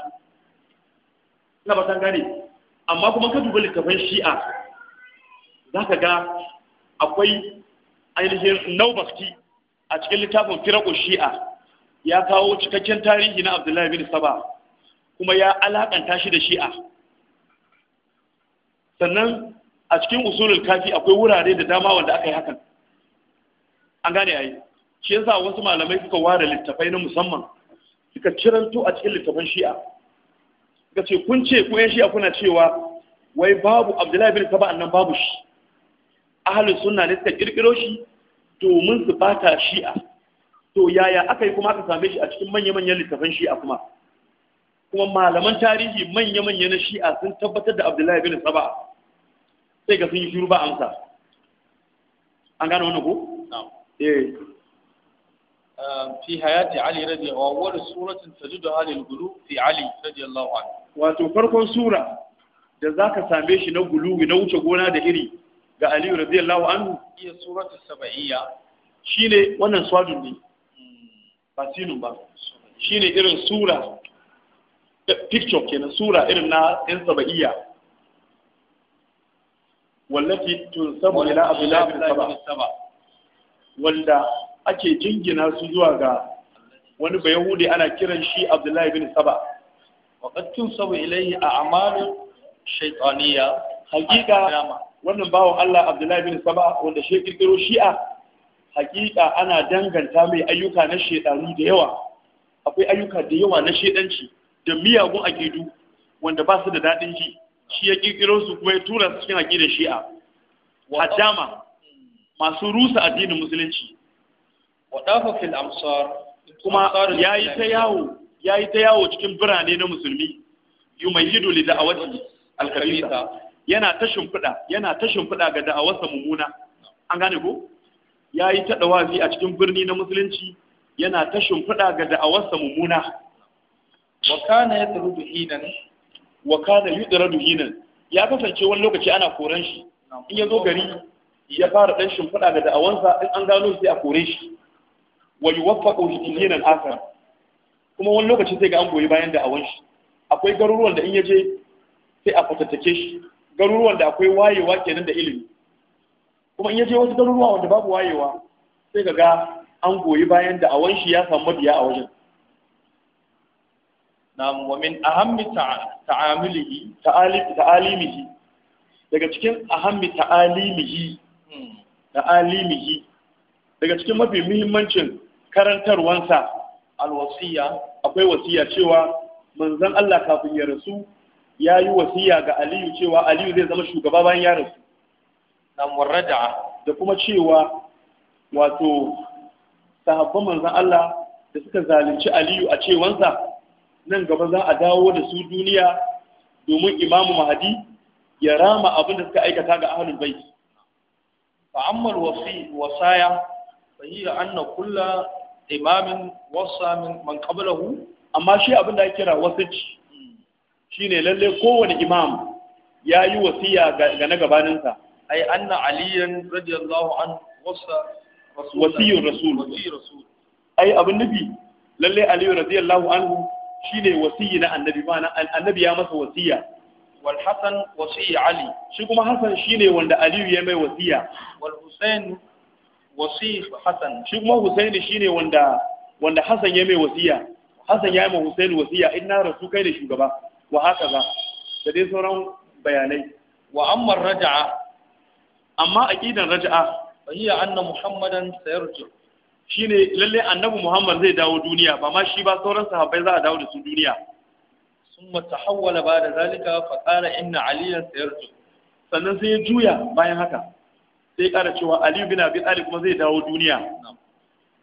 ina ba san gane amma kuma ka duba littafan shi'a za ka ga akwai ainihin naubakti a cikin littafin firaku shi'a ya kawo cikakken tarihi na abdullahi bin saba kuma ya alakanta shi da shi'a sannan a cikin usulul kafi akwai wurare da dama wanda aka yi hakan an gane a yi shi yasa wasu malamai suka ware littafai na musamman suka ciranto a cikin littafan shi'a suka ce kun ce ko yan shi'a kuna cewa wai babu abdullahi bin saba nan babu shi ahli sunna ne suka kirkiro shi domin su bata shi'a to yaya aka yi kuma aka same shi a cikin manya-manyan littafan shi'a kuma kuma malaman tarihi manya-manya na shi'a sun tabbatar da abdullahi bin saba sai ga sun yi shiru ba amsa an gane wannan ko? eh fi hayati Ali radiyallahu anhu wa suratin tajidu wato farkon sura da zaka same shi na gulu na wuce gona da iri ga Ali radiyallahu anhu iya suratul sab'iyya shine wannan swadun ne ba shine irin sura picture kenan sura irin na yan sab'iyya wallati tunsabu ila abdullah bin saba ake jingina su zuwa ga wani bai hude ana kiran shi abdullahi bin saba waƙad tunsabu ilayhi a amalin shaitaniya hakika wannan bawan Allah abdullahi bin saba wanda shi kirkiro shi'a hakika ana danganta mai ayyuka na shaidanu da yawa akwai ayyuka da yawa na shaidanci da miyagun akidu wanda ba su da daɗin ji shi ya kirkiro su kuma ya tura su cikin akidar shi'a A dama masu rusa addinin musulunci wadafa fil amsar kuma yayi ta yawo yayi ta yawo cikin birane na musulmi yumayidu li da'awati al-kabisa yana ta shimfida yana ta shimfida ga da'awarsa mumuna an gane ko yayi ta dawazi a cikin birni na musulunci yana ta shimfida ga da'awarsa mumuna wa kana yatrudu hinan wa kana yudradu hinan ya kasance wani lokaci ana koran shi in ya zo gari ya fara dan shimfida ga da'awarsa in an gano sai a kore shi wa yuwaffaqu hijinan akhar kuma wani lokaci sai ga an goyi bayan da awon shi akwai garuruwan da in yaje sai a fatattake shi garuruwan da akwai wayewa kenan da ilimi kuma in yaje wasu garuruwa wanda babu wayewa sai ka ga an goyi bayan da awon shi ya samu mabiya a wajen nam wa min ahammi ta'amulihi ta'alimihi daga cikin ahammi ta'alimihi hmm. ta'alimihi daga cikin mafi muhimmancin karantarwansa alwasiya akwai wasiya cewa manzon Allah kafin ya rasu ya yi wasiya ga Aliyu cewa Aliyu zai zama shugaba bayan ya rasu na da kuma cewa wato sahabban manzon Allah da suka zalunci Aliyu a cewansa nan gaba za a dawo da su duniya domin Imamu Mahdi ya rama abin da suka aikata ga ahlul bait fa amma wasaya fa hiya anna kullu imamin wasa min man qablahu amma shi abin da ake kira wasici shine lalle kowane imam ya yi wasiya ga na gabaninsa ai anna aliyan radiyallahu an wasa wasiyun rasul ai abin nabi lalle aliyu radiyallahu anhu shine wasiyi na annabi ma'ana annabi ya masa wasiya wal hasan wasiyi ali shi kuma hasan shine wanda aliyu ya mai wasiya wal husain wasif Hassan. shi kuma husaini shine wanda wanda Hassan ya mai wasiya Hassan ya yi ma husaini wasiya in na rasu kai da shugaba wa haka za da dai sauran bayanai wa amma raja'a amma aqidan raja'a fa hiya anna muhammadan sayarji shine lalle annabi muhammad zai dawo duniya ba ma shi ba sauran sahabbai za a dawo da su duniya summa tahawwala ba da zalika fa qala inna aliyan sayarji sannan sai ya juya bayan haka sai ƙara cewa Ali bin Abi Talib kuma zai dawo duniya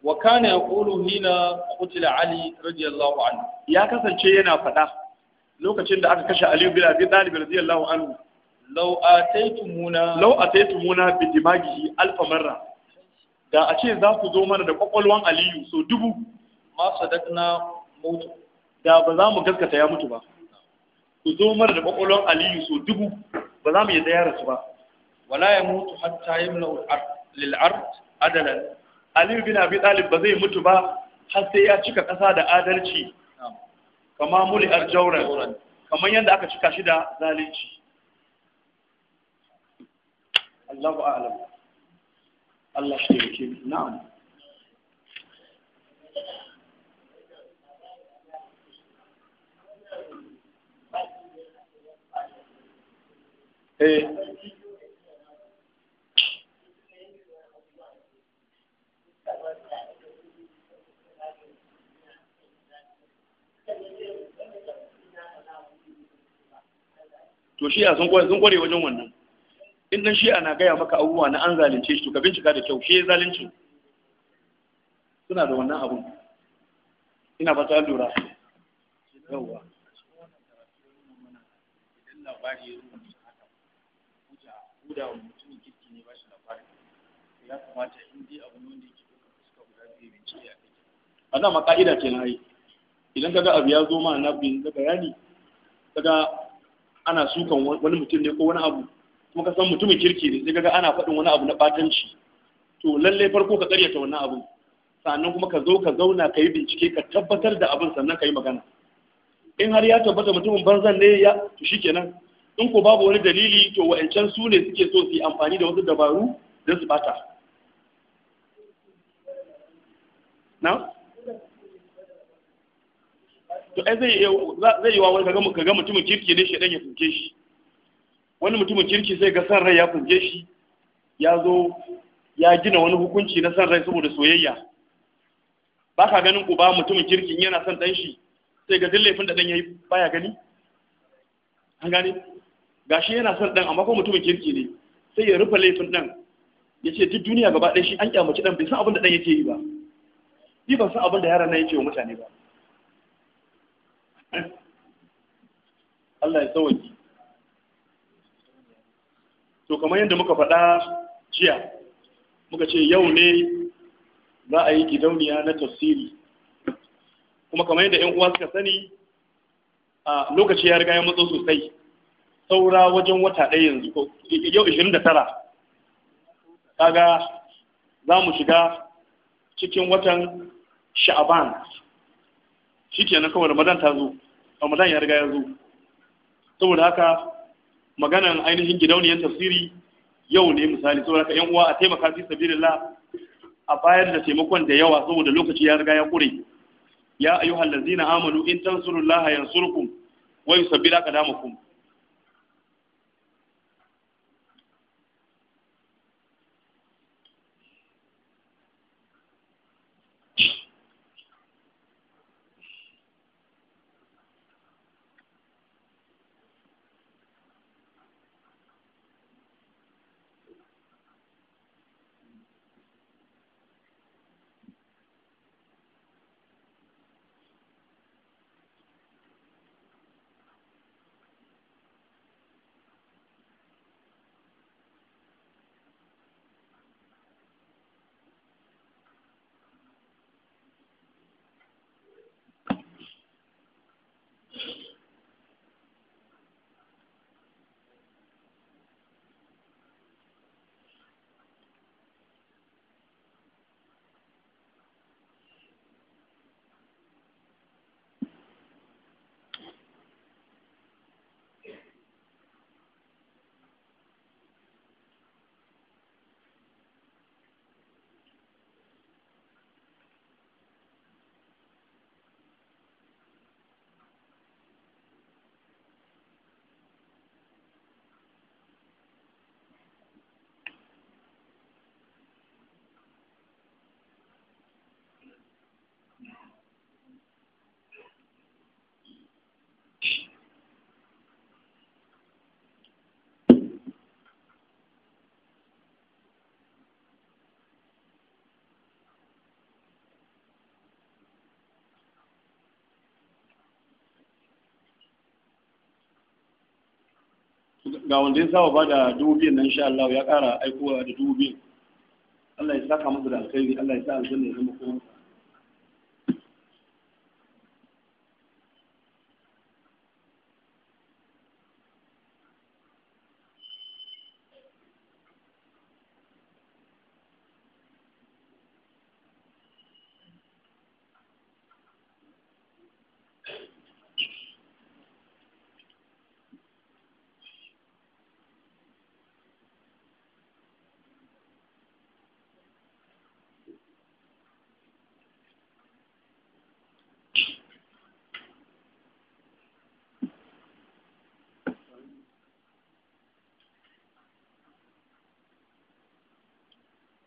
wa kana yaqulu hina qutila Ali radiyallahu anhu ya kasance yana faɗa lokacin da aka kashe Ali bin Abi Talib radiyallahu anhu law ataytumuna law ataytumuna bi dimagihi alf marra da a ce za ku zo mana da kwakwalwan Aliyu so dubu ma sadakna mutu da ba za mu gaskata ya mutu ba ku zo mana da kwakwalwan Aliyu so dubu ba za mu yi da ya rasu ba wala ya mutu hatta yamla lil ard adalan ali bin abi talib ba zai mutu ba har sai ya cika kasa da adalci kama muli arjauran kamar yadda aka cika shi da zalunci Allahu a'lam Allah shi yake na'am eh to shi sun kware sun kware wajen wannan in dan a na gaya maka abubuwa na an zalunce shi to ka bincika da kyau shi zalunci suna da wannan abun ina ba ta lura a na maka'ida ke na yi idan kaga abu ya zo ma na bin da bayani kaga ana sukan wani mutum ne ko wani abu kuma ka san mutumin kirki ne sai kaga ana faɗin wani abu na batanci to lallai farko ka ta wannan abu sannan kuma ka zo ka zauna ka yi bincike ka tabbatar da abin sannan ka yi magana in har ya tabbata mutumin banzan ne ya to shikenan in ko babu wani dalili to wa'ancan su ne suke so su yi amfani da wasu dabaru don su bata na to ai zai zai yi wa wani kaga kaga mutumin kirki ne shi dan ya funke shi wani mutumin kirki sai ga san rai ya funke shi ya zo ya gina wani hukunci na san rai saboda soyayya ba ka ganin uba mutumin kirkin yana son dan shi sai ga laifin da dan yayi baya gani an gane gashi yana son dan amma ko mutumin kirki ne sai ya rufe laifin dan ya ce duk duniya gaba ɗaya shi an kyamaci dan bai san abin da dan yake yi ba ni ban san abin da yaran nan yake wa mutane ba Allah ya tsawaki to kamar yadda muka faɗa jiya muka ce yau ne za a yi gidauniya na tafsiri kuma kamar yadda 'yan uwa suka sani a lokaci ya riga ya matso sosai saura wajen wata ɗaya yanzu yau 29 kaga za mu shiga cikin watan sha'aban shi ke na kawai Madan ta zo ramadan ya riga ya zo saboda haka maganan ainihin gidauniyar tafsiri yau ne misali saboda haka yan uwa a taimaka fi sabilillah a bayar da taimakon da yawa saboda lokaci ya riga ya kure ya ayyuhal ladzina amanu in tansurullaha yansurkum wa yusabbit aqdamakum ga wanda ya saba ba da dubu biyan nan insha Allah ya kara aikowa da dubu biyan Allah ya saka musu da alkhairi Allah ya sa aljanna ya zama kuma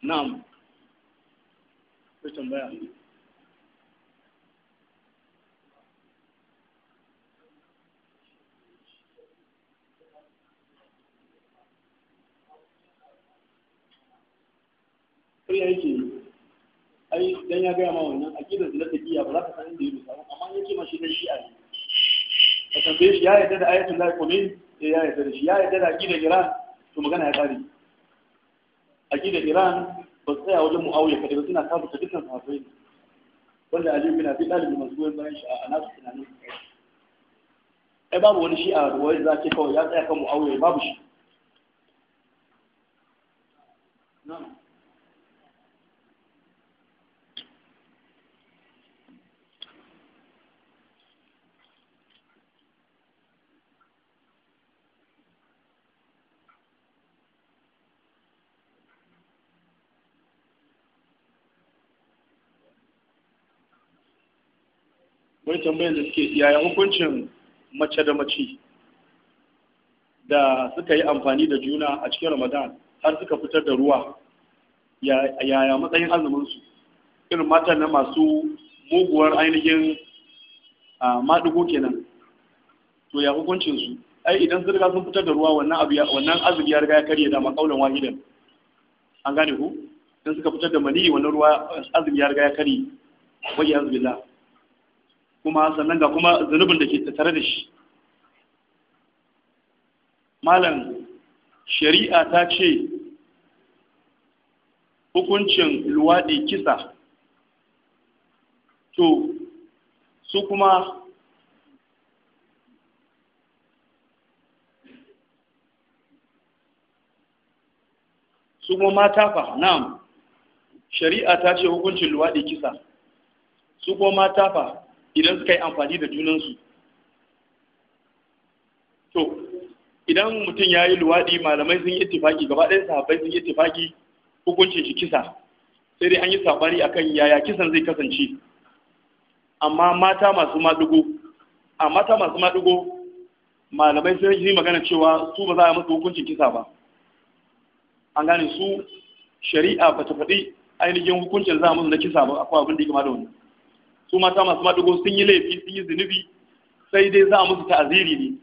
na'am Kwa mbaya. Kwa yake ai dan ya gaya ma wannan akidar da take iya ba za ka san inda yake samu amma yake ma shi dan shi'a ne ka tambaye shi ya yarda da ayatul lahi kumin eh, ya yarda da shi ya yarda da akidar Iran to magana ya kare akidar Iran ba su tsaya wajen mu'awiya kaɗai ba suna sabuta dukkan sahabbai ne wanda aliyu bin abi ɗalibi masu goyon bayan shi a nasu tunanin ai babu wani shi a ruwayar za ce kawai ya tsaya kan mu'awiya babu shi akwai tambayar da suke yaya hukuncin mace da mace da suka yi amfani da juna a cikin ramadan har suka fitar da ruwa yaya matsayin azuminsu irin matan na masu muguwar ainihin maɗigo kenan to ya hukuncinsu ai idan sun riga sun fitar da ruwa wannan wannan azumi ya riga ya karye da makaulan wahidan an gane ku idan suka fitar da maniyi wannan ruwa azumi ya riga ya karye yanzu azbillah kuma sannan ga kuma zunubin da ke tattare da shi malam shari'a ta ce hukuncin luwaɗi kisa to su kuma su kuma mata fa na'am shari'a ta ce hukuncin luwaɗi kisa su kuma mata fa idan suka yi amfani da junansu to idan mutum ya yi luwaɗi malamai sun yi itifaki gaba ɗaya sahabbai sun yi itifaki hukuncin shi kisa sai dai an yi saɓani akan yaya kisan zai kasance amma mata masu maɗigo a mata masu maɗigo malamai sun yi magana cewa su ba za a musu hukuncin kisa ba an gane su shari'a ba ta faɗi ainihin hukuncin za a musu na kisa ba akwai abin da ya kama da wani su mata masu madugo sun yi laifi sun yi zunubi sai dai za a musu ta'aziri ne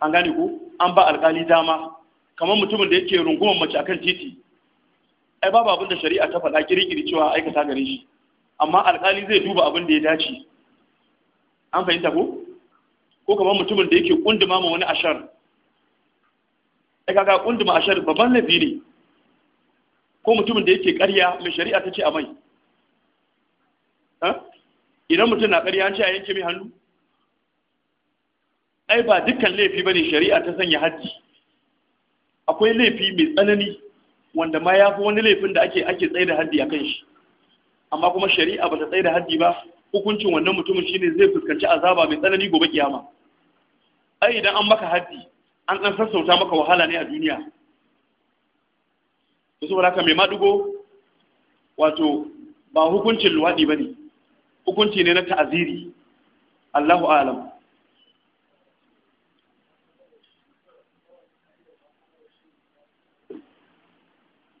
an gane ko an ba alkali dama kamar mutumin da yake rungumar mace akan titi ai babu abin da shari'a ta faɗa kirikiri cewa aikata gare shi amma alkali zai duba abin da ya dace an fahimta ko ko kamar mutumin da yake kunduma ma wani ashar ai kaga kunduma ashar babban laifi ne ko mutumin da yake ƙarya mai shari'a ta ce a mai idan mutum na ƙarya ce a yanke mai hannu ai ba dukkan laifi ba ne shari'a ta sanya haddi akwai laifi mai tsanani wanda ma ya fi wani laifin da ake ake tsaye da haddi a kan shi amma kuma shari'a ba ta tsaye da haddi ba hukuncin wannan mutumin shine zai fuskanci azaba mai tsanani gobe kiyama ai idan an maka haddi an ɗan sassauta maka wahala ne a duniya to saboda haka mai madugo wato ba hukuncin luwaɗi ba ne hukunci ne na ta'aziri Allahu alam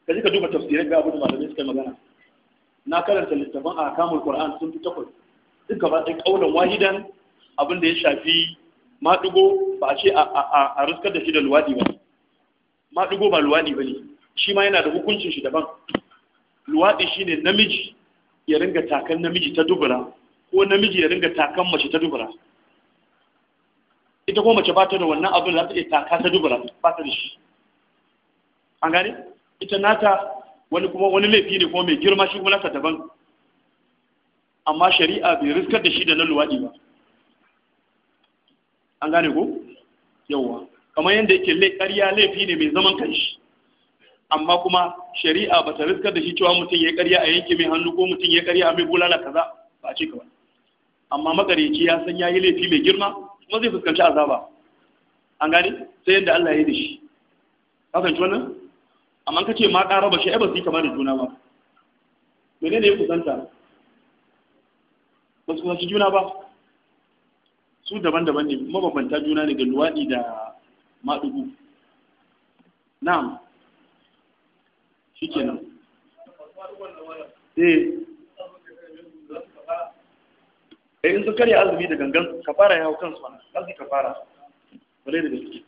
ji ka duba tafsirin ga abin malamai suka magana na karanta littafin a kamul Qur'an sun fi takwas duk gaba ɗaya ƙaunar wahidan abin da ya shafi maɗigo ba a ce a riskar da shi da luwaɗi ba maɗigo ba luwaɗi ba ne shi ma yana da hukuncin shi daban luwaɗi shi ne namiji ya ringa takan namiji ta dubura ko namiji ya ringa takan mace ta dubura ita ko mace ba ta da wannan abin da ta iya taka ta dubura ba ta da shi an gane ita nata wani kuma wani laifi ne ko mai girma shi kuma daban amma shari'a bai riskar da shi da na luwaɗi ba an gane ko yawwa kamar yadda yake ƙarya laifi ne mai zaman kanshi amma kuma shari'a ba ta riskar da shi cewa mutum ya karya a yanke mai hannu ko mutum ya karya a mai bulala kaza ba a ce ka ba amma makareci ya san ya yi laifi mai girma kuma zai fuskanci azaba an gane sai yadda Allah ya yi da shi Kasance wannan amma ka ce ma ƙara ba shi ai ba su yi kamar da juna ba mene ne ya kusanta ba su kusanci juna ba su daban-daban ne mabambanta juna ne ga luwaɗi da maɗugu na'am shikenan eh eh in sun karya azumi da gangan ka fara yawo kansu wannan za ka fara wale da gaske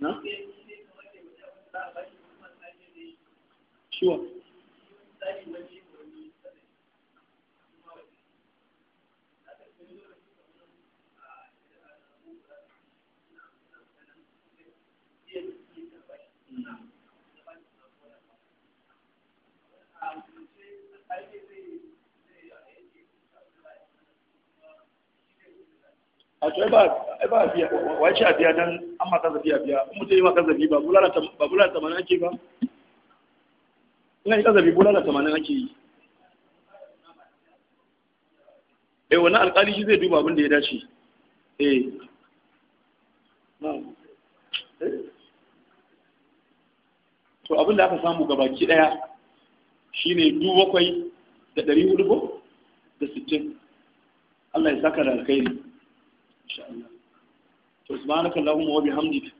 na? Sure. a to ba a biya wai ce a biya dan an maka zabi a biya in mutum yi maka zabi ba bulala tamanin ake ba ina yi kazabi bulala tamanin ake yi eh wani alƙali shi zai duba abin da ya dace eh, eh. to abin da aka samu gabaki daya shine dubu bakwai da ɗari hudu ko da sittin Allah ya saka da alkhairi insha Allah to subhanaka allahumma wa bihamdika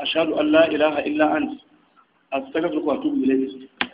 ashhadu an la ilaha illa anta astaghfiruka